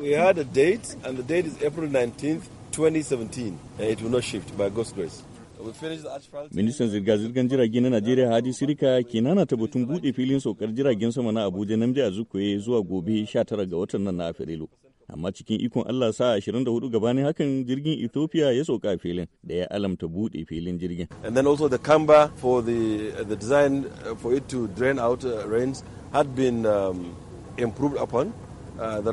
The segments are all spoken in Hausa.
We had a date, and the date is April 19th, 2017, and it will not shift by God's grace. Ministan zirga-zirgar jirage na Najeriya Hadi Sirika ke nana ta batun buɗe filin saukar jiragen sama na Abuja Namdi Azukoye zuwa gobe 19 ga watan nan na afirilu amma cikin ikon Allah sa 24 gabanin hakan jirgin Ethiopia ya sauka filin da ya alamta bude filin jirgin. And then also the camber for the, uh, the design uh, for it to drain out uh, rains had been um, improved upon. Uh, Yanzu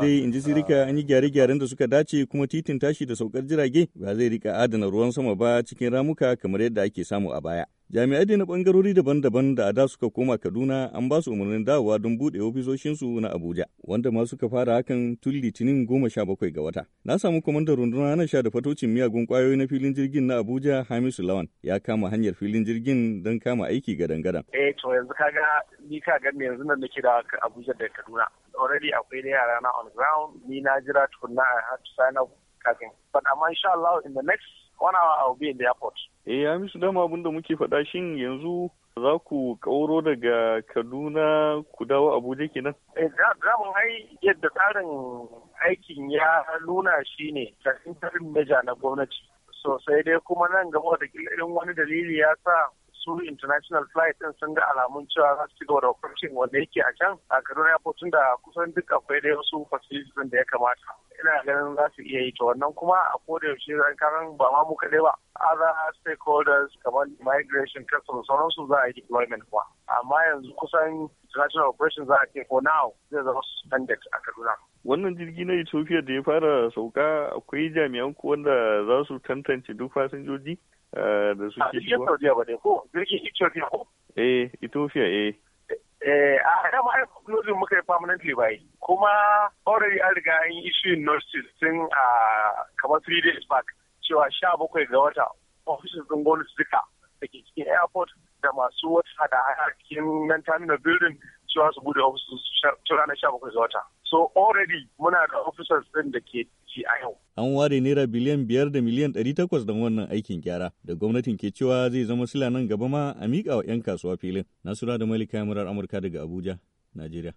dai in ji sirika uh, an yi gyare-gyaren da suka dace kuma titin tashi da saukar jirage ba zai rika adana ruwan sama ba cikin ramuka kamar yadda ake samu a baya. jami'ai da na bangarori daban-daban da a da suka koma kaduna an ba su umarnin dawowa don buɗe ofisoshinsu na abuja wanda ma suka fara hakan tun litinin goma sha bakwai ga wata na samu kwamandan runduna na sha da fatocin miyagun kwayoyi na filin jirgin na abuja hamisu lawan ya kama hanyar filin jirgin don kama aiki gadan-gadan. eh to yanzu kaga ni ka ga yanzu nan nake da abuja da kaduna already akwai da yara na on ground ni na jira tukunna i had to sign up kafin but amma insha Allah in the next one hour I'll be airport. Eh, ya misu dama abin muke faɗa shin yanzu za ku kauro daga Kaduna ku dawo Abuja kenan? Eh, mu hai yadda tsarin aikin ya nuna shi ne ta interim measure na gwamnati. So sai dai kuma nan gaba da idan wani dalili ya sa su international flight din sun ga alamun cewa za su ci gaba da operation wanda yake a can a kaduna ya tun da kusan duk akwai da wasu facilities da ya kamata ina ganin za su iya yi ta wannan kuma a koda yaushe zan karan ba ma mu kaɗai ba other stakeholders kamar migration customs su za a yi deployment kuma amma yanzu kusan international operation za a ce for now zai zama suspended a kaduna wannan jirgi na ethiopia da ya fara sauka akwai jami'an ko wanda za su tantance duk fasinjoji Eh, da suke ah, shigo. A Saudiya ba ne ko jirgin Ethiopia ko? Eh Ethiopia eh. Eh a ma ai closing muka yi permanently bai kuma already an riga an yi issue notice tun a kamar three days back cewa sha bakwai ga wata offices din su duka da ke cikin airport da masu wata da cikin nan terminal building cewa su bude ofisus tun ranar sha bakwai ga wata. So already muna da officers ɗin da ke ci a yau. An ware naira biliyan biyar da miliyan ɗari takwas don wannan aikin gyara da gwamnatin ke cewa zai zama sila nan gaba ma a miƙa wa 'yan kasuwa filin. Nasura da Malika Yamurar Amurka daga Abuja, Najeriya.